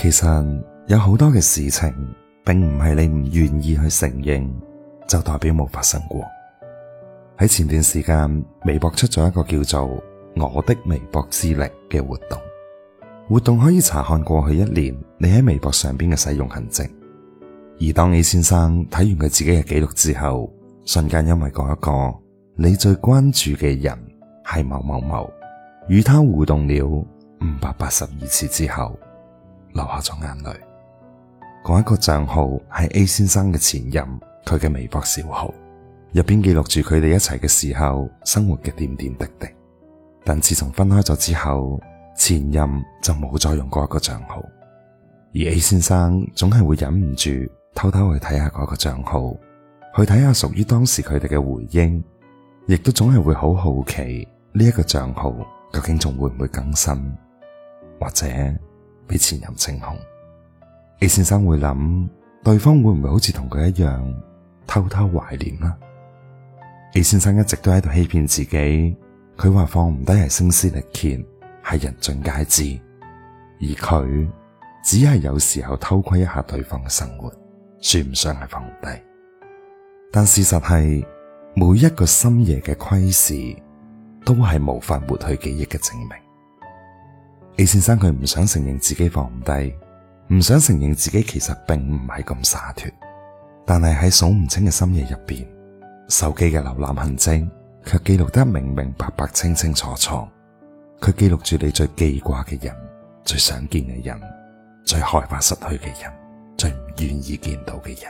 其實有好多嘅事情，並唔係你唔願意去承認，就代表冇發生過。喺前段時間，微博出咗一個叫做《我的微博之力》嘅活動，活動可以查看過去一年你喺微博上邊嘅使用痕迹。而當你先生睇完佢自己嘅記錄之後，瞬間因為嗰一個你最關注嘅人係某某某，與他互動了五百八十二次之後。流下咗眼淚。嗰一個賬號係 A 先生嘅前任，佢嘅微博小號，入邊記錄住佢哋一齊嘅時候，生活嘅點點滴滴。但自從分開咗之後，前任就冇再用過一個賬號，而 A 先生總係會忍唔住偷偷去睇下嗰個賬號，去睇下屬於當時佢哋嘅回應，亦都總係會好好奇呢一個賬號究竟仲會唔會更新，或者？俾前任情紅，A 先生會諗對方會唔會好似同佢一樣偷偷懷念呢？A 先生一直都喺度欺騙自己，佢話放唔低係聲嘶力竭，係人盡皆知，而佢只係有時候偷窺一下對方嘅生活，算唔上係放唔低。但事實係每一個深夜嘅窺視，都係無法抹去記憶嘅證明。李先生佢唔想承認自己放唔低，唔想承認自己其實並唔係咁灑脫。但係喺數唔清嘅深夜入邊，手機嘅瀏覽痕跡卻記錄得明明白白、清清楚楚。佢記錄住你最記掛嘅人、最想見嘅人、最害怕失去嘅人、最唔願意見到嘅人。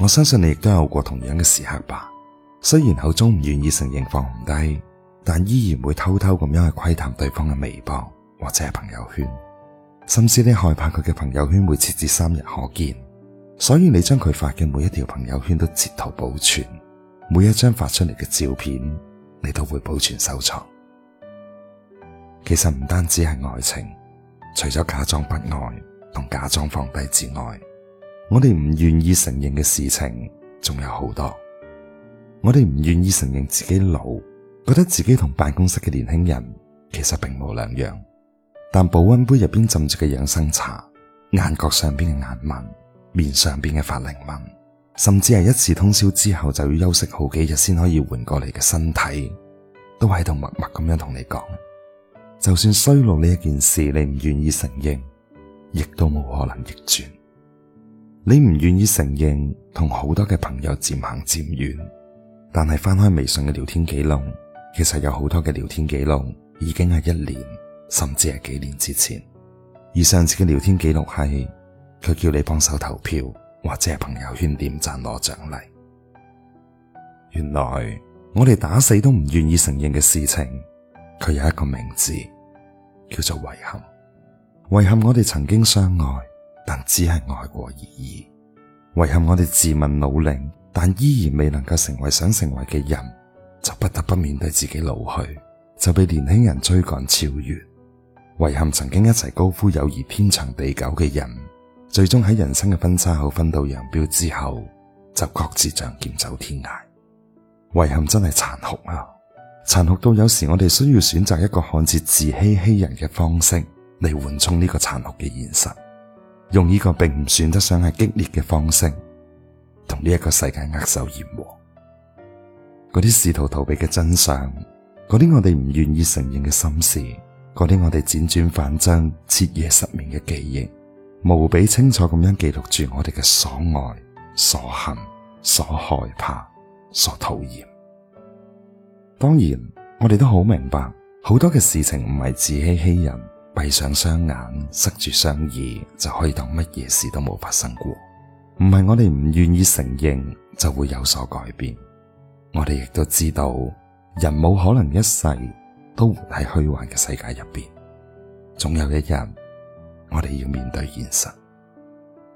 我相信你亦都有過同樣嘅時刻吧。雖然口中唔願意承認放唔低，但依然會偷偷咁樣去窺探對方嘅微博。或者係朋友圈，甚至你害怕佢嘅朋友圈會設置三日可見，所以你將佢發嘅每一條朋友圈都截圖保存，每一張發出嚟嘅照片你都會保存收藏。其實唔單止係愛情，除咗假裝不愛同假裝放低之外，我哋唔願意承認嘅事情仲有好多。我哋唔願意承認自己老，覺得自己同辦公室嘅年輕人其實並冇兩樣。但保溫杯入邊浸住嘅養生茶，眼角上邊嘅眼紋，面上邊嘅法令紋，甚至係一次通宵之後就要休息好幾日先可以緩過嚟嘅身體，都喺度默默咁樣同你講，就算衰老呢一件事你唔願意承認，亦都冇可能逆轉。你唔願意承認同好多嘅朋友漸行漸遠，但係翻開微信嘅聊天記錄，其實有好多嘅聊天記錄已經係一年。甚至係幾年之前，而上次嘅聊天記錄係佢叫你幫手投票，或者係朋友圈點讚攞獎勵。原來我哋打死都唔願意承認嘅事情，佢有一個名字叫做遺憾。遺憾我哋曾經相愛，但只係愛過而已；遺憾我哋自問努力，但依然未能夠成為想成為嘅人，就不得不面對自己老去，就被年輕人追趕超越。遺憾曾經一齊高呼友誼天長地久嘅人，最終喺人生嘅分叉口分道揚鑣之後，就各自仗劍走天涯。遺憾真係殘酷啊！殘酷到有時我哋需要選擇一個看似自欺欺人嘅方式嚟緩衝呢個殘酷嘅現實，用呢個並唔算得上係激烈嘅方式，同呢一個世界握手言和。嗰啲試圖逃避嘅真相，嗰啲我哋唔願意承認嘅心事。嗰啲我哋輾轉反側、徹夜失眠嘅記憶，無比清楚咁樣記錄住我哋嘅所愛、所恨、所害怕、所討厭。當然，我哋都好明白，好多嘅事情唔係自欺欺人，閉上雙眼、塞住雙耳就可以當乜嘢事都冇發生過。唔係我哋唔願意承認就會有所改變。我哋亦都知道，人冇可能一世。都活喺虛幻嘅世界入邊，總有一日我哋要面對現實。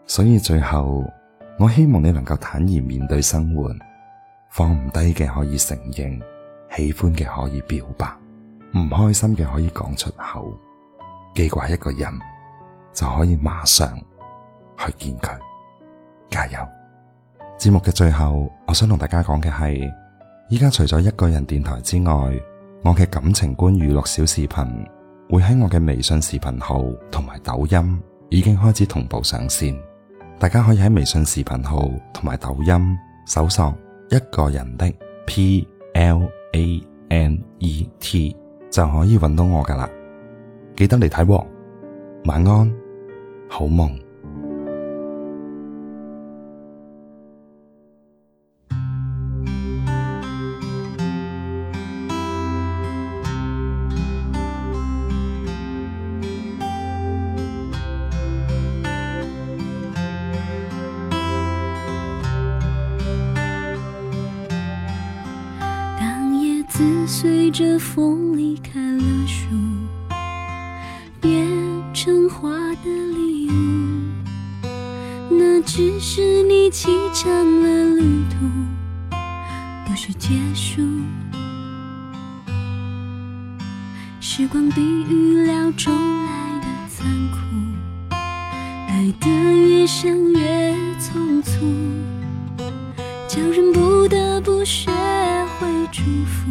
所以最後，我希望你能夠坦然面對生活，放唔低嘅可以承認，喜歡嘅可以表白，唔開心嘅可以講出口。記掛一個人就可以馬上去見佢。加油！節目嘅最後，我想同大家講嘅係，依家除咗一個人電台之外，我嘅感情觀娛樂小視頻會喺我嘅微信視頻號同埋抖音已經開始同步上線，大家可以喺微信視頻號同埋抖音搜索一個人的 P L A N E T 就可以揾到我噶啦，記得嚟睇喎，晚安，好夢。風離開了樹，變成花的禮物。那只是你啟程的旅途，不是結束。時光比預料中來的殘酷，愛得越深越匆促，叫人不得不學會祝福。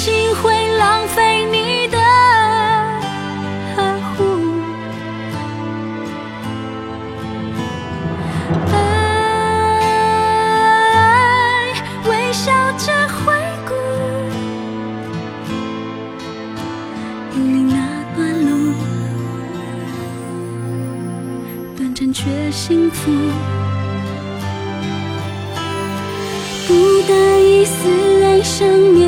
心會浪費你的呵護，愛微笑着回顧，與你那段路，短暫卻幸福，不帶一絲哀傷。